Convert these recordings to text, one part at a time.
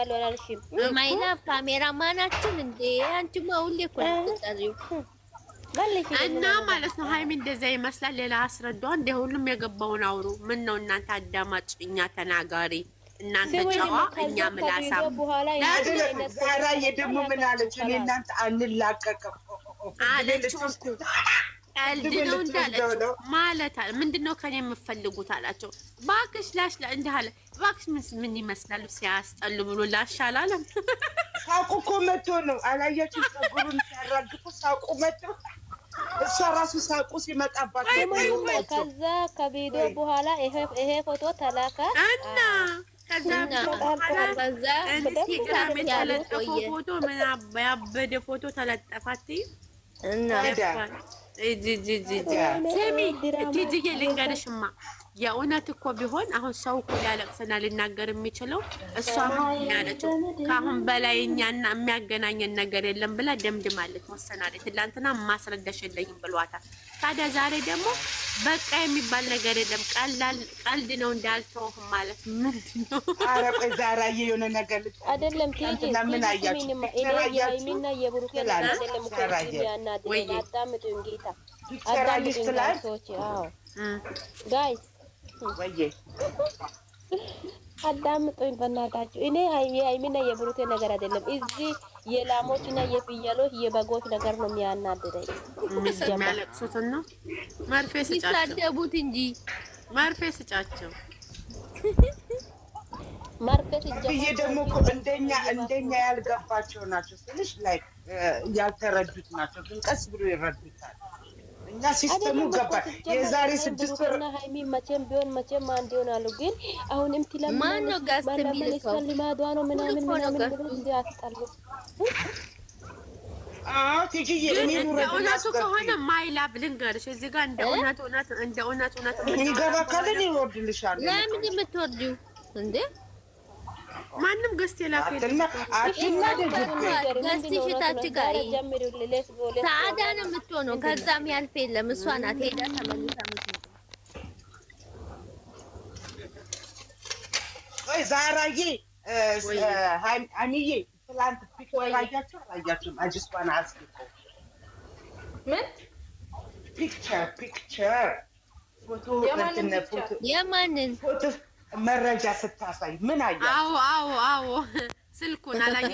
ያለው አላልሽም? ማይናፍ ካሜራማናችን እንዴ! አንቺማ ሁሌ እኮ ተጠሪው እና ማለት ነው። ሀይሚ እንደዛ ይመስላል። ሌላ አስረዷ እንደ ሁሉም የገባውን አውሩ። ምን ነው እናንተ አዳማጭ፣ እኛ ተናጋሪ፣ እናንተ ጨዋ፣ እኛ ምላሳ። ዛራዬ ደግሞ ምን አለች? እኔ እናንተ አንላቀቅም አለች እኮ ቀልድ ነው እንዳለችው ማለት ምንድን ነው ከኔ የምፈልጉት አላቸው። እባክሽ ላሽ እንዲህ አለ እባክሽ ምን ይመስላል ሲያስጠሉ ብሎ ላሻላለም ሳቁ እኮ መቶ ነው። አላያችሁ? ጸጉሩን ሲያራግፉ ሳቁ መቶ እሷ ራሱ ሳቁ ሲመጣባት ከዛ ከቪዲዮ በኋላ ይሄ ፎቶ ተላካ እና ፎቶ ምን ያበደ ፎቶ ተለጠፋት ስሚ ትጅዬ ልንገርሽማ የእውነት እኮ ቢሆን አሁን ሰው እኮ ሊያለቅስና ልናገር የሚችለው እሷ ያለችው ከአሁን በላይ እኛና የሚያገናኘን ነገር የለም ብላ ደምድማለች፣ ወሰናለች። ትላንትና ማስረዳሽ የለኝም ብሏታል። ታዲያ ዛሬ ደግሞ በቃ የሚባል ነገር የለም ቀልድ ነው እንዳልተውህም ማለት ምንድን ነው? ኧረ ጋይስ አዳምጦኝ በእናታችሁ። እኔ የሀይሚና የብሩቴ ነገር አይደለም፣ እዚህ የላሞችና የፍየሎች የበጎች ነገር ነው የሚያናድደኝ። የሚያለቅሱትን ነው መርፌ ሲሳደቡት እንጂ መርፌ ስጫቸው መርፌ ስጫቸው። ደግሞ እንደኛ እንደኛ ያልገባቸው ናቸው፣ ትንሽ ላይ ያልተረዱት ናቸው፣ ግን ቀስ ብሎ ይረዱታል። እኛ ሲስተሙ ገባ። የዛሬ ስድስት ወር ሀይሚ መቼም ቢሆን መቼም አንድ ይሆናሉ። ግን አሁንም ለማን ነው ጋስ ሚልሰው ልማዷ ነው ምናምን ምናምን ብሎ እንዲ አስጣሉ። እውነቱ ከሆነ ማይላብ ልንገርሽ እዚህ ጋር እንደ እውነት እውነት እንደ እውነት እውነት ሚገባ ካለን ይወርድልሻል። ለምን የምትወርዲው እንዴ? ማንም ገስት የላከ ገስት ሽታች ጋር ሰዓዳ ነው የምትሆነው። ከዛም ያልፍ የለም። እሷ ናት ሄዳ ተመልሳ የምትመጣው። ዛራዬ ሀይሚዬ ትላንት ፒክ አያችሁ አላያችሁም? አጅስቷን አስጌቆ ምን ፒክቸር ፒክቸር ፎቶ የማንን መረጃ ስታሳይ ምን አያ? አዎ አዎ አዎ፣ ስልኩን አላየ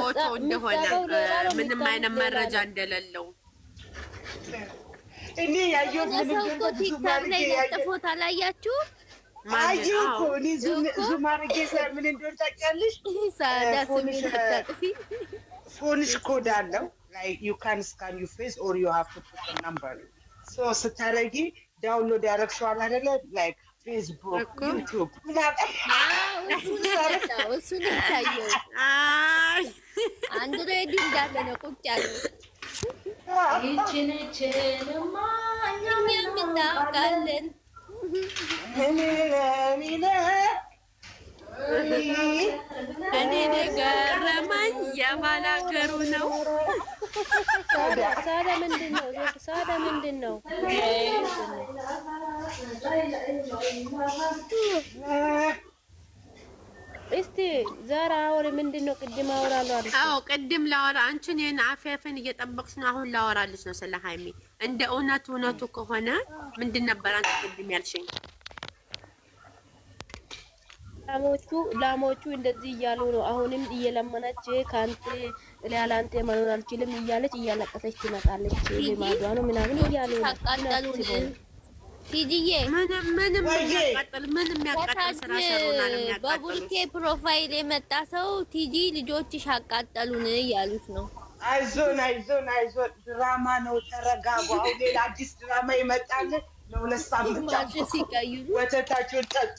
ፎቶ እንደሆነ ምንም አይነት መረጃ እንደሌለው እኔ ያየሁት ምን እንደሆነ ቲክታክ ላይ ለጥፎት አላያችሁ? አየሁ እኮ እኔ ዙም አድርጌ ምን እንደሆነ ታውቂያለሽ? ፎንሽ ኮድ አለው like you can scan your face or you have to put a number ስታረጊ ዳውንሎድ ያደረግሽዋል አይደለ like ፌስቡክ፣ ዩቱብ እሱን የታየው አንድ ሬዲዮ እንዳለ ነው ቁጭ ያለው። ይችንችንማ እኛም እናውቃለን። እኔ ገረመኝ። የባል ሀገሩ ነው። ሳዳ ምንድን ነው? ሳዳ ምንድን ነው? እስቲ አውሪ። ምንድን ነው ቅድም አወራለሁ አለች። አዎ ቅድም ላወራ አንቺን ይሄን አፍያፍን እየጠበቅሽ ነው። አሁን ላወራልሽ ነው ስለ ሀይሚ። እንደ እውነቱ እውነቱ ከሆነ ምንድን ነበር አንቺ ቅድም ያልሽኝ? ላሞቹ ላሞቹ እንደዚህ እያሉ ነው። አሁንም እየለመነች ከአንተ ላላንተ መኖር አልችልም እያለች እያለቀሰች ትመጣለች። ልማዷ ነው ምናምን እያሉ ቲጂዬ ምንም ያቃጥል ፕሮፋይል የመጣ ሰው ቲጂ ልጆችሽ አቃጠሉን እያሉት ነው። አይዞን አይዞን አይዞን፣ ድራማ ነው ተረጋጉ። አሁን ሌላ አዲስ ድራማ ይመጣል። ለሁለት ሳምንት ወተታችሁን ጠጡ።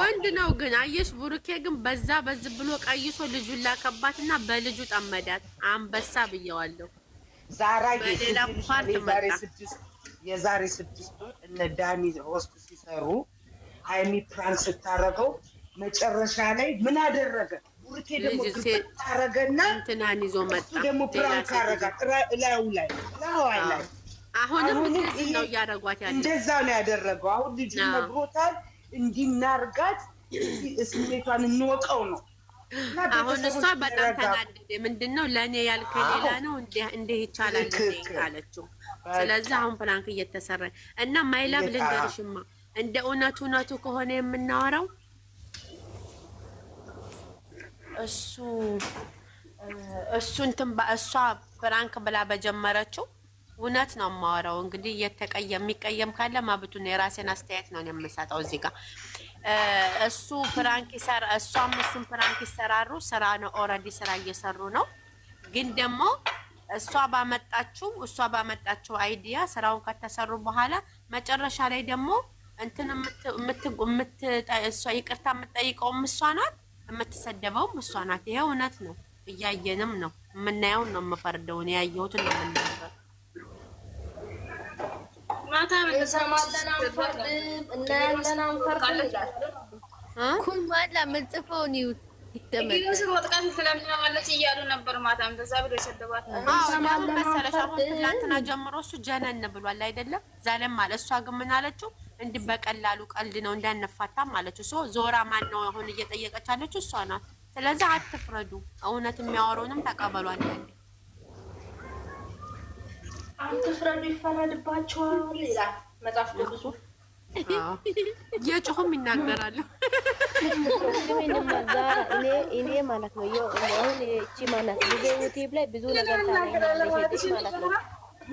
ወንድ ነው ግን አየሽ፣ ቡሩኬ ግን በዛ በዝ ብሎ ቀይሶ ልጁን ላከባትና በልጁ ጠመዳት። አንበሳ ብየዋለሁ። ዛራ የዛሬ ስድስት ወር እነ ዳኒ ሆስት ሲሰሩ ሀይሚ ፕራንክ ስታረገው መጨረሻ ላይ ምን አደረገ? ቡሩኬ ደግሞ ታረገና እንትናን ይዞ መጣ። ደግሞ ፕራንክ አረጋት ላዩ ላይ ላይ አሁንም ነው እያደረጓት ያለ። እንደዛ ነው ያደረገው። አሁን ልጁ ነግሮታል እንዲናርጋት ስሜቷን እንወቀው ነው። አሁን እሷ በጣም ተናደደ። ምንድን ነው ለእኔ ያልከ ሌላ ነው እንዲህ ይቻላል አለችው። ስለዚህ አሁን ፕራንክ እየተሰራ እና ማይላብ ልንገርሽማ፣ እንደ እውነቱ እውነቱ ከሆነ የምናወራው እሱ እሱ እንትን እሷ ፕራንክ ብላ በጀመረችው እውነት ነው የማወራው። እንግዲህ እየተቀየ የሚቀየም ካለ ማብቱን የራሴን አስተያየት ነው የምሰጠው። እዚህ ጋር እሱ ፕራንክ ይሰራ እሷም እሱን ፕራንክ ይሰራሩ ስራ ነው። ኦልሬዲ ስራ እየሰሩ ነው። ግን ደግሞ እሷ ባመጣችው እሷ ባመጣችው አይዲያ ስራውን ከተሰሩ በኋላ መጨረሻ ላይ ደግሞ እንትን እሷ ይቅርታ የምትጠይቀውም እሷ ናት፣ የምትሰደበውም እሷ ናት። ይሄ እውነት ነው። እያየንም ነው የምናየውን ነው የምፈርደውን ያየሁትን ነው የምናየው ትናንትና ጀምሮ እሱ ጀነን ብሏል አይደለም? አለ። እሷ ግን ምን አለችው? እንዲህ በቀላሉ ቀልድ ነው እንዳንፋታም አለችው። ሶ ዞራ ማን አሁን እየጠየቀች አለችው? እሷ ናት። ስለዚህ አትፍረዱ። እውነት የሚያወራውንም ተቀበሏል። አትፍረዱ ይፈረድባቸዋል ይላል መጽሐፍ ቅዱሱ። የጮኸም ይናገራሉ። እኔ ማለት ነው አሁን እቺ ማለት ነው ዩቲዩብ ላይ ብዙ ነገር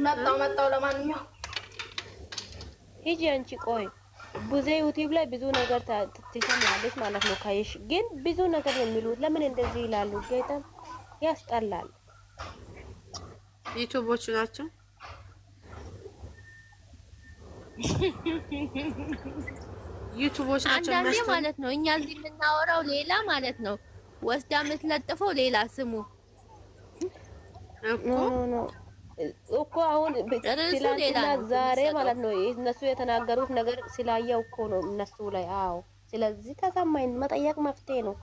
መጣው መጣው። ለማንኛውም ሂጂ አንቺ ቆይ ብዙ ዩቲብ ላይ ብዙ ነገር ትሰማለች ማለት ነው። ካየሽ ግን ብዙ ነገር የሚሉት ለምን እንደዚህ ይላሉ? ጌታ ያስጠላል። ዩቲዩቦቹ ናቸው ዩቱቦች ናቸው። አንዳንዴ ማለት ነው እኛ እዚህ የምናወራው ሌላ ማለት ነው፣ ወስዳ የምትለጥፈው ሌላ። ስሙ እኮ አሁን ትላንትና ዛሬ ማለት ነው እነሱ የተናገሩት ነገር ስላየው እኮ ነው እነሱ ላይ። አዎ ስለዚህ ተሰማኝ መጠየቅ መፍትሄ ነው።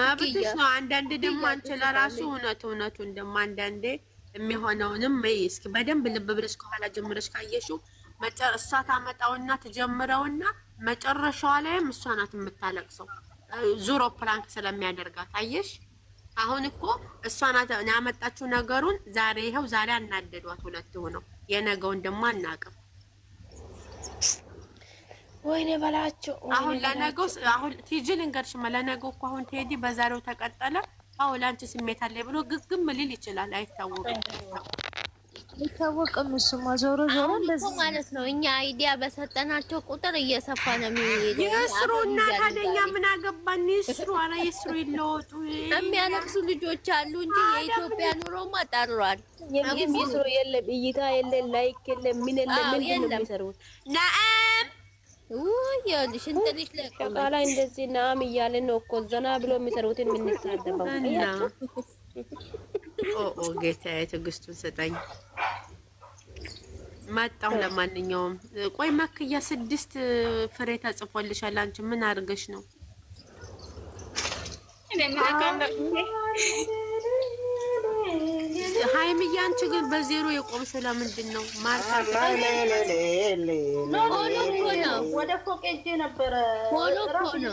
መብትሽ ነው። አንዳንዴ ደግሞ አንቺ ለራሱ እውነት እውነቱን ደግሞ አንዳንዴ የሚሆነውንም እስኪ በደንብ ልብ ብለሽ ከኋላ ጀምረሽ ካየሽው እሷ ታመጣውና ትጀምረውና መጨረሻዋ ላይም እሷ ናት የምታለቅሰው። ዙሮ ፕራንክ ስለሚያደርጋት አየሽ። አሁን እኮ እሷ ናት ያመጣችው ነገሩን። ዛሬ ይኸው ዛሬ አናደዷት ሁለት ሆነው፣ የነገውን ደግሞ አናውቅም። ወይኔ በላቸው። አሁን ለነገው አሁን ቲጂ ልንገርሽማ፣ ለነገው እኮ አሁን ቴዲ በዛሬው ተቀጠለ። አዎ ለአንቺ ስሜት አለ ብሎ ግግም ሊል ይችላል፣ አይታወቅም። አይታወቅም። እሱማ ዞሮ ዞሮ እንደዚህ ማለት ነው። እኛ አይዲያ በሰጠናቸው ቁጥር እየሰፋ ነው የሚሄድ። የስሩ እና ታደኛ ምን አገባን? የስሩ አና የስሩ ይለወጡ የሚያለቅሱ ልጆች አሉ እንጂ የኢትዮጵያ ኑሮማ ጠሯል። የለም የስሩ የለም፣ እይታ የለም፣ ላይክ የለም፣ ምን የለም፣ ምን የለም። ይሰሩት ናአም ይኸውልሽ እንትን ይለቀቃላይ እንደዚህ ናአም እያለ ነው እኮ ዘና ብሎ የሚሰሩትን የምንሳደበው ኦ ጌታዬ ትዕግስቱን ስጠኝ። መጣሁ። ለማንኛውም ቆይ መክያ ስድስት ፍሬ ተጽፎልሻል። አንቺ ምን አድርገሽ ነው? ሀይምዬ አንቺ ግን በዜሮ የቆምሽው ለምንድን ነው? ማርታ ወደ ፎቅ ሄጄ ነበረ ነው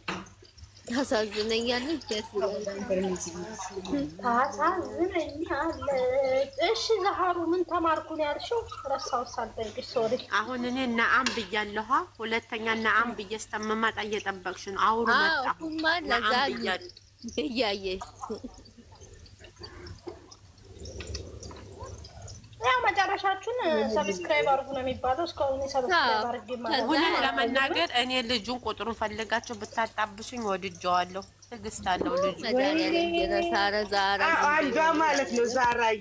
ታሳዝነኛለች። ደስ ታሳዝነኛለች። እሺ ዛሃሩ ምን ተማርኩ ነው ያልሽው? ረሳው ሳልጠይቅሽ ሶሪ። አሁን እኔ ነአም ብያለሁ። ሁለተኛ ነአም ብዬ ስተመማጣ እየጠበቅሽ ነው። አውሩ መጣ ነአም ብያለሁ እያየ ግማሻችሁን ሰብስክራይብ አድርጉ ነው የሚባለው። እስካሁን ሰብስክራይብ አድርጌ ለመናገር እኔ ልጁን ቁጥሩን ፈልጋቸው ብታጣብሱኝ ወድጀዋለሁ። ትዕግስት አለው ልጁ አንዷ ማለት ነው ዛራዬ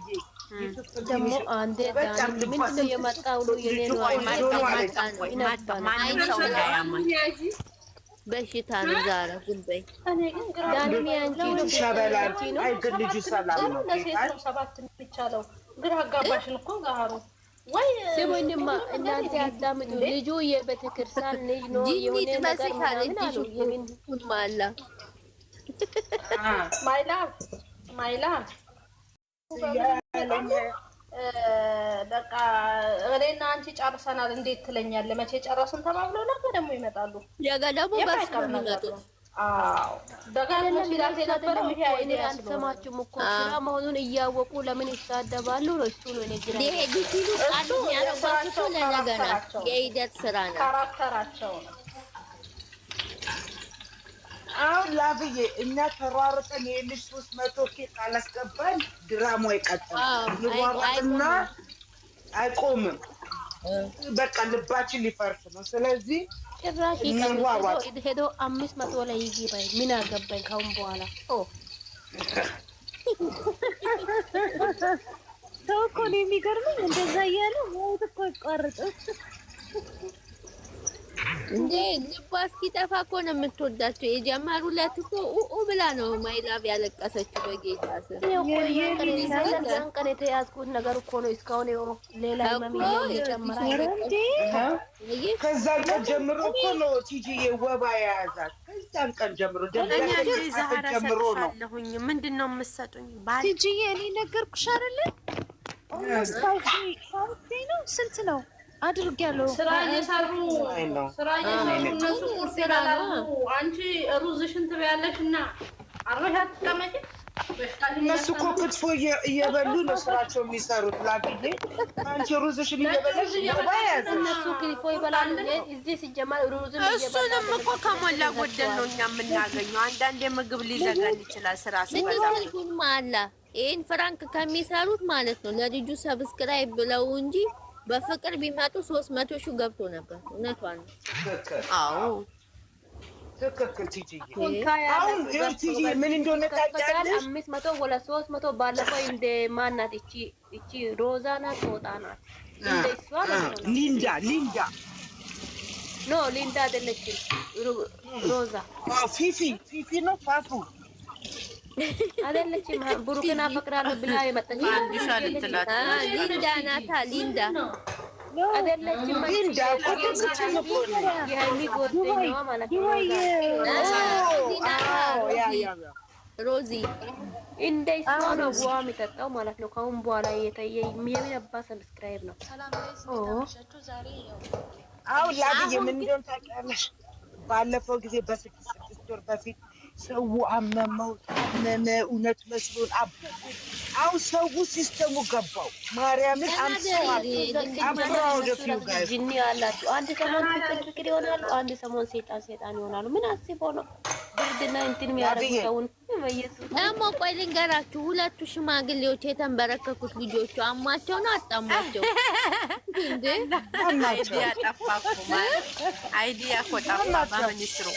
ደግሞ አንዴ ምንድነው የመጣው ነው በሽታ ነው። ዛሬ ዝም በይ ዳንሚ አንቺ ነው ነው ሰባት የሚቻለው ግራ አጋባሽን እኮ ጋሩ ስሙኝማ እናንተ አዳምጡ። ልጁ የቤተክርስቲያን ልጅ ነው። የሆነ ነገር ነው። ማላ ማይላ ማይላ በቃ እኔና አንቺ ጨርሰናል እንዴት ትለኛለህ? መቼ ጨረስን ተባብለው ነበር። ደግሞ ይመጣሉ። ነው አልሰማችሁም መሆኑን እያወቁ ለምን ይሳደባሉ? እሱ ነው የሂደት ስራ ነው አሁን ላብዬ እኛ ተሯርጠን የልጅ ሶስት መቶ ኬት አላስገባን ድራማ ይቀጥላል። ልሯሯጥና አይቆምም። በቃ ልባችን ሊፈርስ ነው። ስለዚህ ጭራሽ ሄዶ አምስት መቶ ላይ ይግባ። ምን አገባኝ ካሁን በኋላ ሰው እኮ ነው የሚገርመኝ። እንደዛ እያለ ሞት እኮ ይቋርጥ እንዴ ልቧ እስኪጠፋ እኮ ነው የምትወዳቸው። የጀመሩለት ለት እኮ ኡኡ ብላ ነው ማይላብ ያለቀሰችው በጌታ የተያዝኩት ነገር እኮ ነው እስካሁን ሌላ ቀን ጀምሮ እኮ ነው ወባ የያዛት። ከዛን ቀን ጀምሮ ጀምሮ ነው ምንድን ነው ነው ስንት ነው አድርጊያለሁ። ስራ እየሰሩ ስራ እየሰሩ እነሱ ቁርስ ይላሉ። አንቺ ሩዝሽን ትበያለሽ እና አብረሽ አትቀመጪ። እነሱ እኮ ክትፎ እየበሉ ነው ስራቸው የሚሰሩት። ላግዬ አንቺ ሩዝሽን እየበለሽ ያዝ። እነሱ ክትፎ ይበላሉ። እዚህ ሲጀመር ሩዝ እሱንም እኮ ከሞላ ጎደል ነው እኛ የምናገኘው። አንዳንዴ ምግብ ሊዘጋል ይችላል ስራ ሲበዛ አላ ይህን ፍራንክ ከሚሰሩት ማለት ነው ለልጁ ሰብስክራይብ ብለው እንጂ በፍቅር ቢመጡ ሶስት መቶ ሺህ ገብቶ ነበር። እውነቷን ነው። አዎ ትክክል አሁን ምን እንደሆነ ናት ናት ሊንዳ ሮዛ ፊፊ ፊፊ ነው ፋፉ አይደለችም። ብሩክን አፈቅራለሁ ብላ የመጣች ሊንዳ ናታ። ሊንዳ ነው። ሮዚ ውሃ የሚጠጣው ማለት ነው። ከአሁን በኋላ የታየ የሚያባ ሰብስክራይብ ነው። አሁን ላግዬ ምን እንደሆነ ታውቂያለሽ? ባለፈው ጊዜ በስድስት ወር በፊት ሰው አመመው ታመመ፣ እውነት መስሎን አ አሁን ሰው ሲስተሙ ገባው። ማርያምን አምስማአብራ ወደፊው አላችሁ። አንድ ሰሞን ይሆናሉ፣ አንድ ሰሞን ሴጣን ሴጣን ይሆናሉ። ምን አስቦ ነው ብርድና እንትን የሚያደርጉ ሰውን ደግሞ ቆይ ልንገራችሁ፣ ሁለቱ ሽማግሌዎች የተንበረከኩት ልጆቹ አሟቸው ነው አጣሟቸው? እንዴ አይዲያ ጠፋ እኮ ማለት አይዲያ እኮ ጠፋ ሚኒስትሩ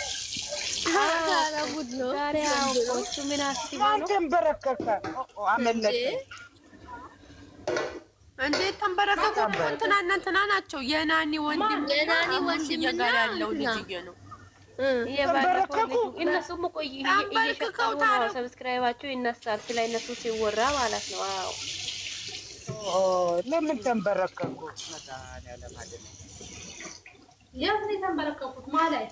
እንዴት ተንበረከኩ? እንትና እንትና ናቸው የናኒ ወንድም የናኒ ወንድም ጋር ያለው ልጅዬ ነው። ተንበረከኩ እነሱም ሰብስክራይባቸው ይነሳል ስለ እነሱ ሲወራ ማለት ነው። አዎ ለምን ተንበረከኩ? ተንበረከኩት ማለት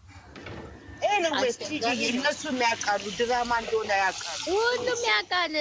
ወይስ እነሱ የሚያውቃሉ ድራማ እንደሆነ ያውቃሉ፣ ሁሉም ያውቃል።